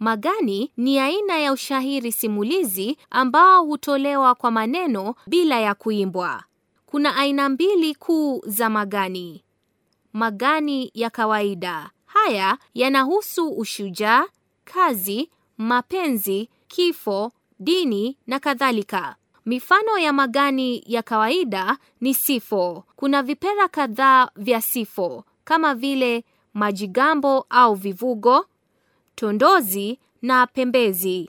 Magani ni aina ya ushairi simulizi ambao hutolewa kwa maneno bila ya kuimbwa. Kuna aina mbili kuu za magani: magani ya kawaida. Haya yanahusu ushujaa, kazi, mapenzi, kifo, dini na kadhalika. Mifano ya magani ya kawaida ni sifo. Kuna vipera kadhaa vya sifo kama vile majigambo au vivugo tondozi na pembezi.